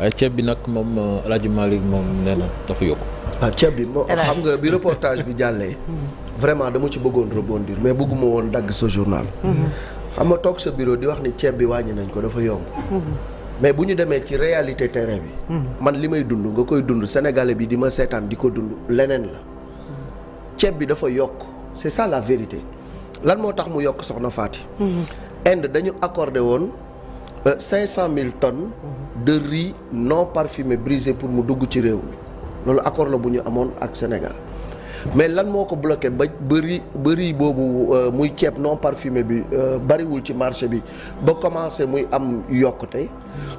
Euh, ceeb bi nag moom El euh, Hadj Malick moom nee na dafa yokk. ah ceeb bi moom xam nga bi reportage bi jàllee. vraiment dama ci bëggoon rebondir mais bëgguma woon dagg sa journal. Mm-hmm. xam nga toog sa bureau di wax ni ceeb bi wàññi nañ ko dafa yomb. Mm-hmm. mais bu ñu demee ci réalité terrain bi. Mm-hmm. man li may dund nga koy dund sénégalais bi di ma seetaan di ko dund leneen la. ceeb bi dafa yokk c'est ça la vérité lan moo tax mu yokk soxna Faati. Inde dañu accordé woon euh, cinq cent mille tonnes. de riz non parfumé brisé pour mu dugg ci réew mi loolu accord la bu ñu amoon ak Sénégal mais lan moo ko bloqué ba bëri bëri boobu euh, muy ceeb non parfumé bi euh, bariwul ci marché bi ba commencé muy am yokkute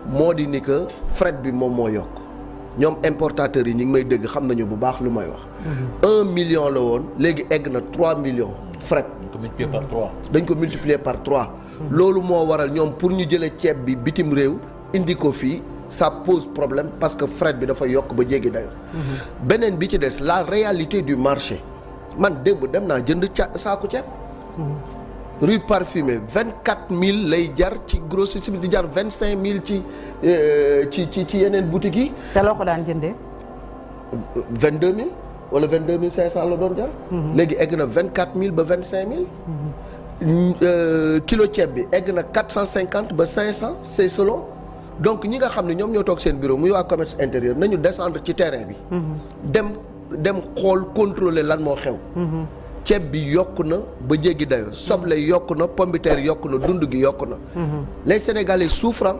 moo di ni que fret bi moom moo yokk ñoom importateurs yi ñi ngi may dégg xam nañu bu baax lu may wax. Mhm. un million la woon léegi egg na trois millions. fret dañ ko multiplier par trois. dañ ko multiplier par trois. Mhm. loolu moo waral ñoom pour ñu jëlee ceeb bi bitim réew. Indicofi, ça pose problème parce que Fred bi dafa yok ba djégué dayo benen bi la réalité du marché man dem na jënd saaku ci rue parfumée 24000 lay jar ci grossissime di jar 25000 euh, ci ci ci yenen boutique yi da loko 22 jëndé 22000 le 22500 500. doon jar légui Les 24000 ba mhm. euh, kilo tiep bi 450 ba 500 c'est selon donc ñi nga xam ne ñoom ñoo toog seen bureau muy waa commerce intérieur nañu descendre ci terrain bi. dem dem xool contrôler lan moo xew. ceeb bi yokk na ba jéggi dayo soble yokk na pombiteer yokk na dund gi yokk na. les sénégalais souffrent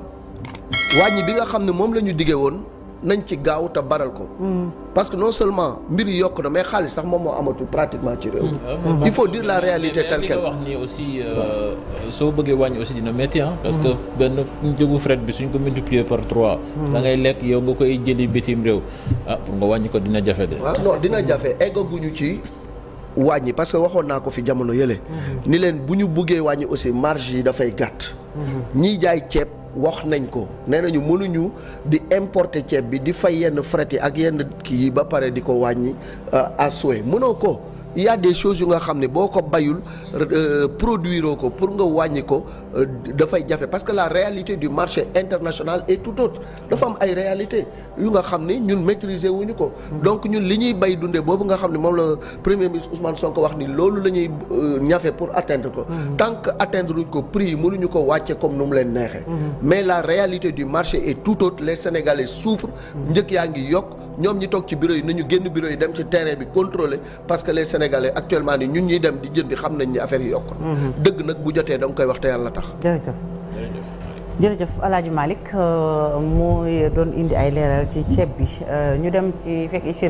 wàññi bi nga xam ne moom la ñu diggee woon. nañ ci gaaw te baral ko. Mm. parce que non seulement mbir yi yokk na mais xaalis sax moom moo amatul pratiquement ci réew mm. Mm. il faut dire la réalité telle quelle. wax ni aussi euh, euh, soo bëggee wàññi aussi dina métti hein, parce que benn njëgu fret bi suñ ko multiplier par trois. da ngay lekk yow nga koy jëli bitim réew ah pour nga wàññi ko dina jafe de. waaw non dina jafe guñu ci. wàññi parce que waxoon naa ko fi jamono yële. Mm-hmm. ni leen bu ñu buggee wàññi aussi marge yi dafay gàtt. Mm-hmm. ñiy jaay ceeb. wax nañ ko nee nañu mënuñu di importer ceeb bi di fay yenn fret yi ak yenn kii yi ba pare di ko wàññi euh, à souhait mënoo ko. il y a des choses yu nga xam ne boo produire bayul euh, pour nga wàññi ko euh, de parce que la réalité du marché international est tout autre La femme a une réalité yu nga xam ne ñun maîtriser donc nous li ñuy bay dunde boobu nga xam ne la premier ministre Ousmane Sonko wax ni loolu la ñuy euh, pour atteindre ko mmh. tant que atteindre uñ ko prix nous mënuñu ko wàcce comme nu leen mmh. mais la réalité du marché est tout autre les Sénégalais souffrent mmh. njëg yaa ngi ñom ñi tok ci bureau yi nañu génn bureau yi dem ci terrain bi contrôler parce que les sénégalais actuellement ñun ñi dem di jëndi xam nañ ni affaire yi yokk mhm. deug nak bu joté dang koy wax te yalla tax jërëjëf jërëjëf Alaaji Malick euh, moy doon indi ay leeral ci ceeb bi euh, ñu dem ci fekk